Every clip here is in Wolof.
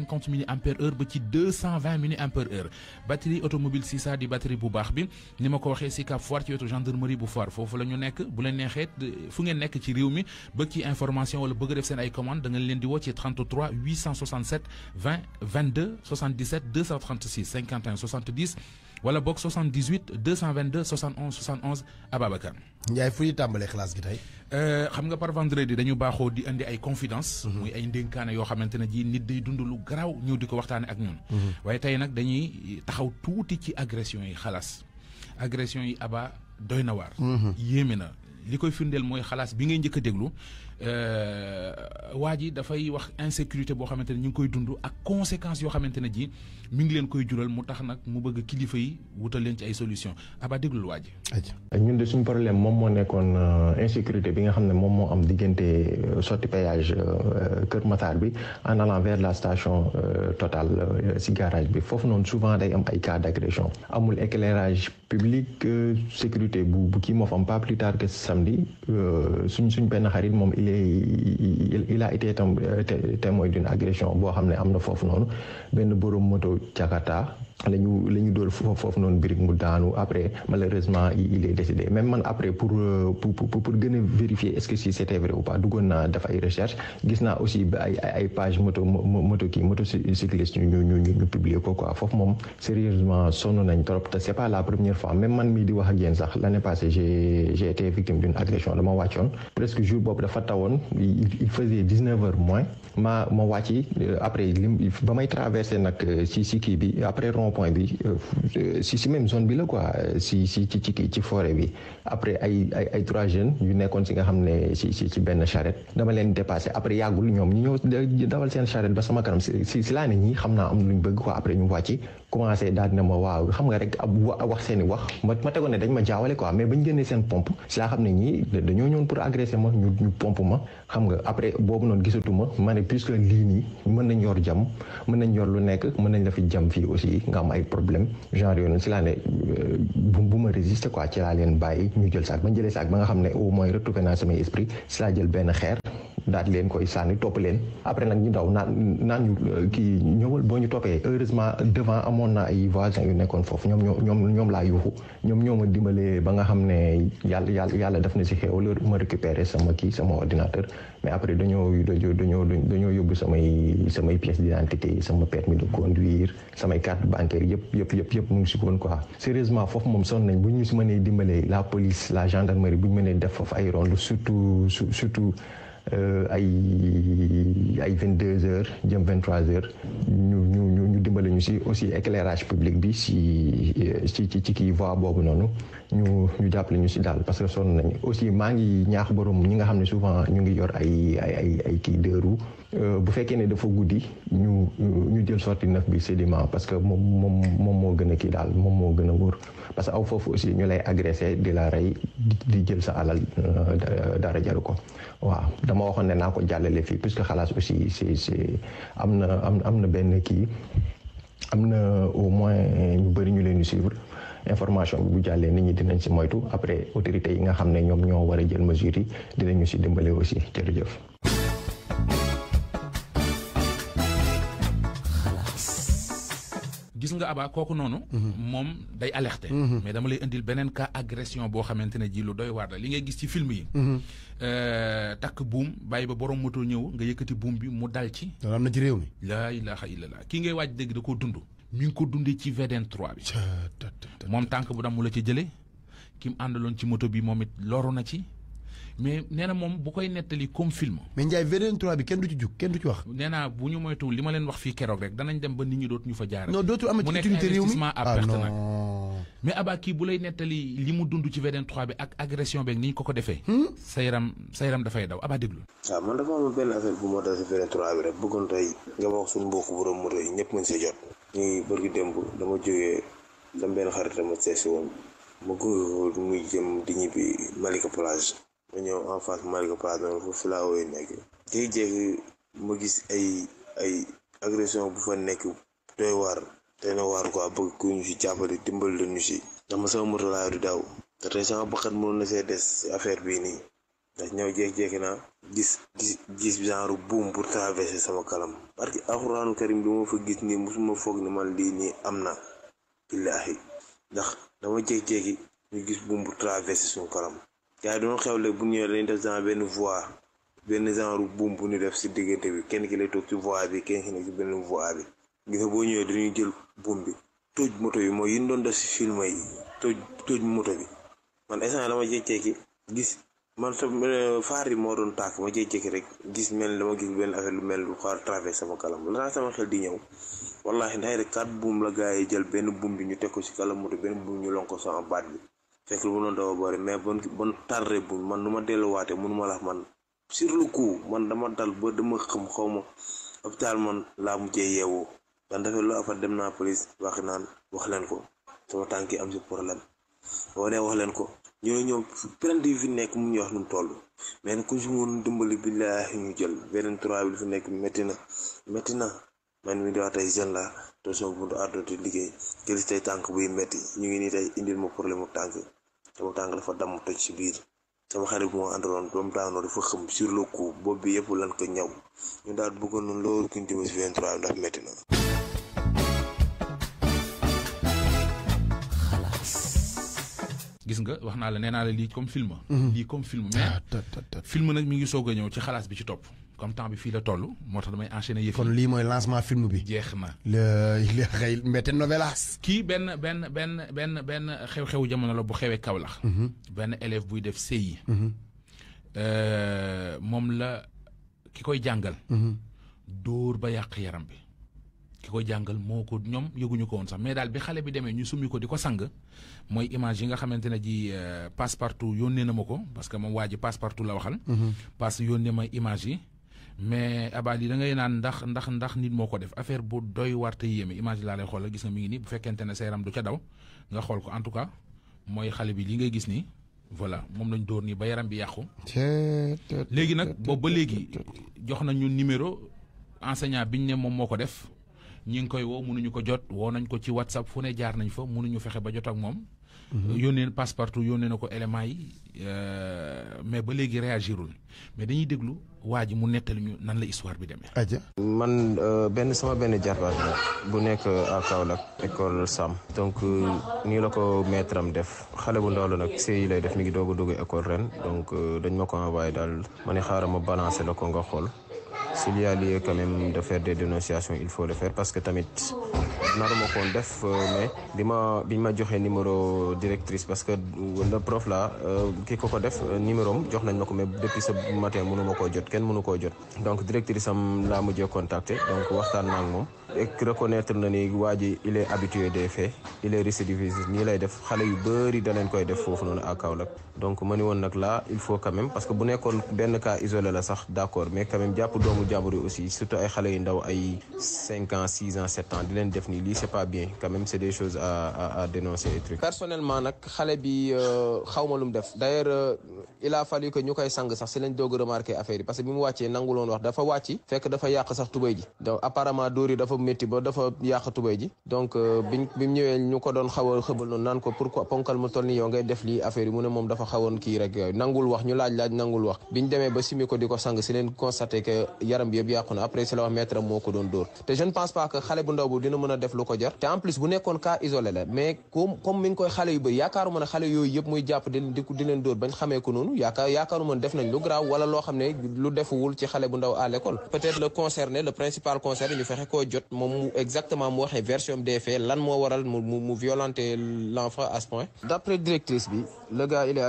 50 mAh ba ci 220 mAh batterie automobile 6a di batterie bu baax bi nima ko waxee si Cap ci auto gendarmerie bu fofu la nekk bu leen nexé fu ngeen nekk ci réew mi ci information wala bëgg def s'en ay commande da ngeen leen di wo ci 33 867 20 22 77 236 51 70 wala box 78 222 71 71 Ababakar Ndiaye fu tambalé classe gi euh xam nga par vendredi dañu baxo di andi ay confidence mhm. muy ay ndenkané yo xamantene ji nit day dund lu di ko ak ñun. Mhm. waye dañuy taxaw ci agression yi agression yi mhm. bi euh, waa ji dafay wax insécurité boo xamante ne ñu ngi koy dund ak conséquences yoo xamante ne ji mi ngi leen koy jural mu tax nag mu bëgg kilifa yi wutal leen ci ay solution aba déglul waa ñun de suñu problème moom moo nekkoon euh, insécurité bi nga xam ne moom moo am diggante euh, sotti péage Kër matar bi en allant vers la station Total si garage bi foofu noonu souvent day am ay cas d' agression amul éclairage public sécurité bu bu kii moo fa am pas plus tard que samedi suñ suñ benn xarit moom il il il a été euh, témoin d'une boo xam ne am na foofu noonu benn borom moto Jakarta la ñu la ñu dool foofu noonu birig mu daanu après malheureusement il est décédé même man après pour euh, pour a vérifier est-ce que si c'était vrai ou pas naa def ay recherche gis naa aussi ay ay page moto moto moto cycliste ñu ñu ma ma wàcci euh, après ba may traversé nag euh, si si kii après rond point bi euh, si si même zone bi la quoi si si ci ci ci forêt bi après ay ay ay trois jeunes yu nekkoon si nga xam ne si si ci benn charrette dama leen dépassé après yàggul ñoom ñu ñëw dawal seen charrette ba sama karam si si laa ne ñii xam naa am luñ bëgg quoi après ñu wàcc commencé daal dina ma waaw xam nga rek ab wax seen wax ma ma tegoon ne dañ ma jaawale quoi mais ba génnee seen pompe si laa xam ne ñii dañoo ñëwoon pour agresser ma ñu ñu pompe gisatu ma ma ne lii nii mën nañ yor jam mën nañ yor lu nekk mën nañ la fi jam fii aussi ay problème genre yooyu si laa ne euh, bu bu ma résister quoi jël saak bañ jëlee saak ba nga xam ne au moins retrouvé naa samay esprit si laa jël benn xeer daal leen koy sànni topp leen après nag ñu daw naan naan ñu euh, kii ñëwal boo ñu toppee heureusement devant amoon na ay voisins yu nekkoon foofu ñoom ñoo ñoom ñoom laa yuuxu ñoom ñoo ma dimbalee ba nga xam ne yàlla yàlla yàlla def na si xew la ma récupéré sama kii sama ordinateur mais après dañoo dañoo dañoo dañoo yóbbu samay samay pièces d'identité sama permis de conduire samay carte bancaire yëpp yëpp yëpp yëpp mu ngi si woon quoi sérieusement foofu moom sonn nañ bu ñu si mënee dimbalee la police la gendarmerie bu ñu mënee def foofu ay ronde surtout surtout Euh, ay ay vingt deux heures jëm vingt trois heures ñu ñu ñu ñu si aussi éclairage public bi si si ci ci kii voie boobu noonu ñu ñu jàppale ñu si daal parce que son nañu aussi maa ngi ñaax borom ñi nga xam ne souvent ñu ngi yor ay ay ay kii deux Euh, bu fekkee ne dafa guddi ñu ñu jël sorti neuf bi sédiment parce que moom moom moom moo gën a kii daal moom moo gën a wóor parce que aw foofu aussi ñu lay agressé di la rey di jël sa alal euh, dara jaru ko waaw dama waxoon ne naa ko jàllale fii puisque xalaas aussi c'est c'est am na am am na benn kii am na au moins ñu bëri ñu leen ñu suivre information bu jàllee nit ñi dinañ si moytu après autorités yi nga xam ne ñoom ñoo war a jël mesures yi dinañu si dimbale aussi jërëjëf. gis nga abaa kooku noonu mhm. moom day alerté mhm. mais dama lay indil beneen cas agression boo xamante ne ji lu doy waar la li ngay gis ci film yi mhm. euh, takk buum bàyyi ba borom moto ñëw nga yëkkati buum bi mu dal ci loolu am na ci réew mi laa ilaha illallah kii ngay waaj dégg da koo dund mi ngi ko dundee ci VDN 3 bi moom tànk bu dam mu la ci jële ki mu àndaloon ci moto bi moom it loru na ci mais nee na moom bu koy nettali comme film. mais Ndiaye VDN 3 bi kenn du ci jug kenn du ci wax. nee naa bu ñu moytuwul li ma leen wax fii keroog rek danañ dem ba nit ñi dootuñu fa jaarale. non dootul amati utilité réew mi mu nekk investissement à ah, perte nag. mais abaa kii bu lay nettali li mu dund ci VDN 3 bi ak agression beeg ni ñu ko ko defee. Hmm? sa yaram sa yaram dafay daw abaa déglu. waaw ah, man dafa am benn affaire bu ma dal si VDN 3 bi rek bëggoon tey nga wax suñu mbokku borom moto yi ñëpp mën see jot. ñuy bëri démb dama jógee dama benn xarit dama seesi woon ma góor muy jëm di ñibbi Malika Plage ma ñëw en face marque pardon fu flawo nekk jékki-jékki ma gis ay ay agression bu fa nekk war waar tey na waar quoi bëgg ku ñu si jàppale dimbal lañu si ndax sama moto laa du daw te sama bakkat mënoon na see des affaire bii nii ndax ñëw jékki-jékki naa gis gis gis genre buum pour traverser sama kalam parce que alxuraanu karim bi ma fa gis nii musuma foog ni man lii nii am na billaahi ndax dama jékki-jékki ñu gis buum bu traversé suñu kalam gars yi dañoo xewle bu ñëwee dañuy def genre benn voie benn genre buum bu ñu def si diggante bi kenn ki lay toog ci voie bi kenn ki nekk ci benn voie bi gis nga boo ñëwee dañuy jël buum bi toj moto yi mooy yi ñu doon def si film yi toj moto bi man instant dama jékki-jékki gis man sa faar euh, yi moo doon tàkk ma jékki-jékki rek gis mel dama gis benn affaire lu mel lu xaar traversé sama kalam la sama xel di ñëw wallahi nday rek quatre buum la gars yi jël benn buum bi ñu teg ko si kalam moto benn buum ñu lon ko sama baat bi fekk lu mënoon dafa bëri mais bon bon tarre bu man nu ma delluwaatee ma la man sur le coup man dama dal ba dama xam xaw ma hôpital man laa mujjee yeewoo dan dafa loo affaire dem naa polis wax naan wax leen ko sama tànk am si problème boo nee wax leen ko ñooñu ñoom yi fi nekk mu ñu wax nu mu toll mais ku si mën dimbali billaahi ñu jël beneen trois bi fi nekk métti na métti na man mi di wax la te sama buntu àdduna di liggéey jël tey tànk buy metti ñu ngi nii tey indil ma problème mu tànk sama tànk dafa damm toj si biir sama xarit bu ma àndaloon ba mu dafa xëm sur le coup bopp bi yépp lan ko ñaw ñu daal bëggoon nañ loolu kuñ dimbali si 23 ndax metti na. gis nga wax naa la nee naa la lii comme film. Mhm. lii comme film ah, mais film nag mi ngi soog a ñëw ci xalaas bi ci topp. comme temps bi fi la tollu moo tax damay enchaîner yëf kon lii mooy lancement film bi. jeex na le xëy mbette novelas kii benn benn benn benn benn xew-xewu jamono la bu xewee Kaolack. Mm-hmm. benn élève buy def CI. Mm-hmm. Euh, moom la ki koy jàngal. Mm-hmm. dóor ba yàq yaram bi. ki koy jàngal moo ko ñoom yëguñu ko woon sax mais daal bi xale bi demee ñu summi ko di ko sang mooy image yi nga xamante ne ji euh, passe partout yónnee na ma ko parce que moom waa ji passe partout la waxal. parce que yónnee ma image yi. mais abal yi da ngay naan ndax ndax ndax nit moo ko def affaire bu doy war te yéeme image laa lay a gis nga mu ngi nii bu fekkente ne sa yaram du ca daw nga xool ko en tout cas mooy xale bi li ngay gis nii voilà moom lañ dóor nii ba yaram bi yàqu. léegi nag boobu ba léegi jox nañu numéro bi biñ ne moom moo ko def ñi ngi koy woo mënuñu ko jot woo nañ ko ci whatsapp fu ne jaar nañ fa mënuñu fexe ba jot ak moom. Mm-hmm. yónnee Passepartout yónnee na ko éléments yi euh, mais ba léegi réagirul mais dañuy déglu waa ji mu nettali ñu nan la histoire bi demee. aja man euh, benn sama benn jarbaat la bu nekk à Kaolack école Sam. donc euh, nii la ko maître am def xale bu ndaw la nag sëy lay def mi ngi doog a dugg école ren donc dañ ma ko envoyé daal ma ne xaaral ma balancé la ko nga xool. s'il y a lieu quand de faire des dénonciations il faut le faire parce que tamit naruma koon def euh, mais bi ma biñ ma joxee numéro directrice parce que euh, le prof la euh, kii ko ko def numéro am jox nañ ma ko mais depuis ce matin mënu koo jot kenn mënu koo jot donc directrice am laa mujjee contacter donc waxtaan naa ak moom et na ni waa ji il est habitué des faits il est récidiviste nii lay def xale yu bëri da leen koy def foofu noonu à Kaolack donc ma ni woon nag là il faut quand même parce que bu nekkoon benn cas isolé la sax d'accord mais quand même japp doomu jàmbur aussi surtout ay xalé yi ndaw ay 5 ans 6 ans 7 ans di len def ni li c'est pas bien quand même c'est des choses à à à dénoncer et truc. personnellement nak xalé bi euh, xawma ma def d'ailleurs euh, il a fallu que ñukay sang sax ci lañ dogu remarquer affaire yi parce que bimu mu wàccee nangu wax dafa wàcc fekk dafa yàq sax tubay ji donc apparemment dóor dafa metti ba dafa yàq tubay ji donc euh, biñ bi mu don ñu ko doon xaw ko pourquoi ponkal mu tolni yo ngay def li affaire yi mu ne mom dafa dafa kii rek nangul wax ñu laaj laaj nangul wax biñ demee ba simi ko sang si leen constaté que yaram bi yëpp na après si la wax maître moo ko doon dóor te je pense pas xale bu ndaw bu dina mën a def lu ko jar te en plus bu nekkoon cas isolé mais comme comme koy xale yu bëri yaakaaruma ne xale yooyu yëpp muy jàpp di leen dóor bañ xamee ko noonu yaakaar yaakaaruma def nañ lu graaw wala loo xam ne lu defuwul ci xale bu ndaw à l'école peut-être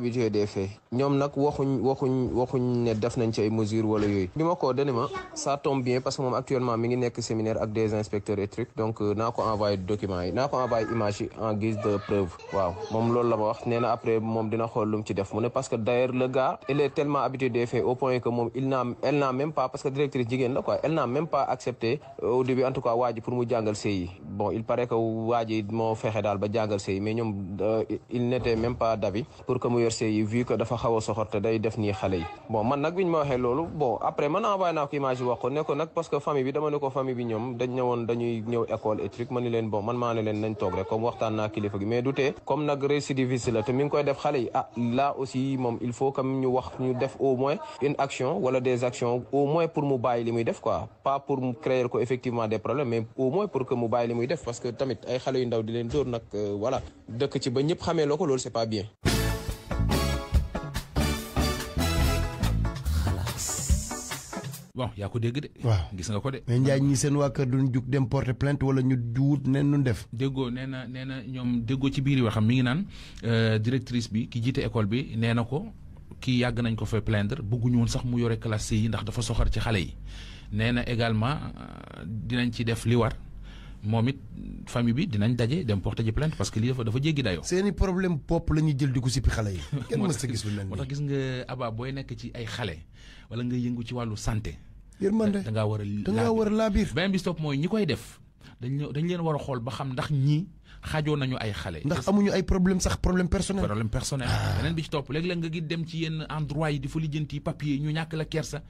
habitué des faits ñoom nag waxuñ waxuñ waxuñ né def nañ ci ay mesures wala yoy. Bima ma ko dani ma ça tombe bien parce que moom actuellement mi ngi nek séminaire ak des inspecteurs et trucs donc euh, naa ko envoyé documents yi naa ko image en guise de preuve waaw moom loolu la wax nee na après moom dina xol lu ci def mu parce que d'ailleurs le gars il est tellement habitué des faits au point que moom il n'a elle n'a même pas parce que directrice jigéen la quoi elle n'a même pas accepté euh, au début en tout cas waa pour mu jangal sëy bon il paraît que waa mo fexé dal ba jangal sëy mais ñoom euh, il n'était même pas d'avis pour que mu université yi vu que dafa xaw a soxor te day def nii xale yi bon man nag bi ma waxee bon après man envoyé naa ko image yi wax ko ne ko nag parce que famille bi dama ne ko famille bi ñoom dañ ñëwoon dañuy ñëw école et truc ma ni leen bon man maa ne leen nañ toog rek comme waxtaan naa kilifa gi mais du comme nag récidiviste la te mi ngi koy def xale yi ah là aussi moom il faut comme ñu wax ñu def au moins une action wala des actions au moins pour mu bàyyi li muy def quoi pas pour mu créer ko effectivement des problèmes mais au moins pour que mu bàyyi li muy def parce que tamit ay xale yu ndaw di leen dóor nag euh, voilà dëkk ci ba ñëpp xamee loo ko loolu c'est pas bien waaw ya ko deg de. waaw gis nga ko de. mais Ndiaye ñi seen waa kër duñ jug dem porter plainte wala ñu juut neen nu def. déggoo nee na nee na ñoom déggoo ci biir waxam mi ngi naan euh, directrice bi ki jiite école bi nee ko kii yàgg nañ ko fa plaindre bëgguñu woon sax mu yore classe yi ndax dafa soxar ci xale yi. également euh, dinañ ci def li war moom famille bi dinañ daje dem porter ji plainte parce que lii dafa dafa jéggi dayoo. seeni problème pop la ñuy jël di ko sippi yi. kenn gis lu gis nga Aba booy nekk ci ay xale wala nga yëngu ci santé. yërmande da ngaa war a da ngaa war a laabiir bi stop mooy ñi koy def dañ dañ leen war a xool ba xam ndax ñi xajoo nañu ay xale ndax amuñu ay problème sax problème personnel problème ah. bi ci topp léeg-léeg nga gi dem ci yenn endroit yi di fa lijjanti papier ñu ñàkk la kersa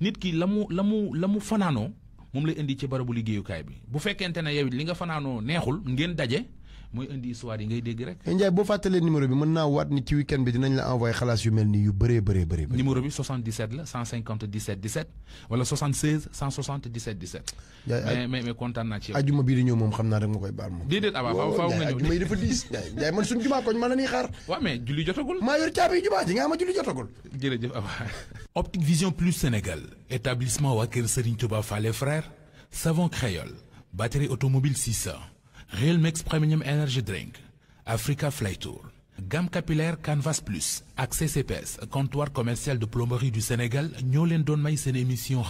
nit ki la mu la mu la mu fanaanoo moom lay indi ci barabu liggéeyukaay bi bu fekkente ne yow li nga fanaanoo neexul ngeen daje moy indi histoire yi ngay dégg rek. Eh, Ndiaye boo fatale numéro bi mën naa waat ni ci week-end bi dinañ la envoyer xalaas yu mel ni yu bëree bëree bëri. numéro bi 77 la 157 17 wala 76 177 17. mais mais mais kontaan naa ci yow. ajuma bii di ñëw moom xam naa rek ma koy baal moom. déedéet abaa faaw faaw nga ñëw ajuma yi dafa diis. Ndiaye man suñu jumaa koñ man la xaar. waaw mais julli jotagul. maa yor caabi yu ji nga ma ne julli jotagul. jërëjëf abaa. Optique Vision Plus Sénégal établissement waa Serigne Touba Fallé frère savon créole batterie automobile 600 Real Mix Premium Energy Drink Africa Fly Tour gamme capillaire Canvas Plus Access CPS, comptoir commercial de plomberie du Sénégal ñoo Don et may Halas. émission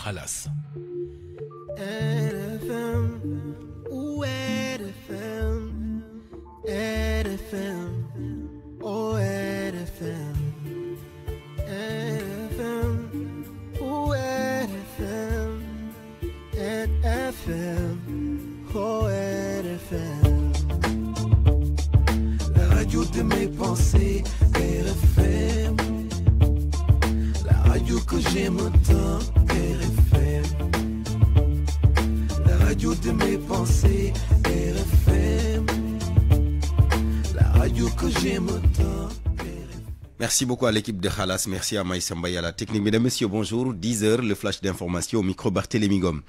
Merci beaucoup à l'équipe de Khalas, merci à Maïs à la technique. Mesdames, Messieurs, bonjour. 10h, le flash d'information au micro Barthélémy Gomme.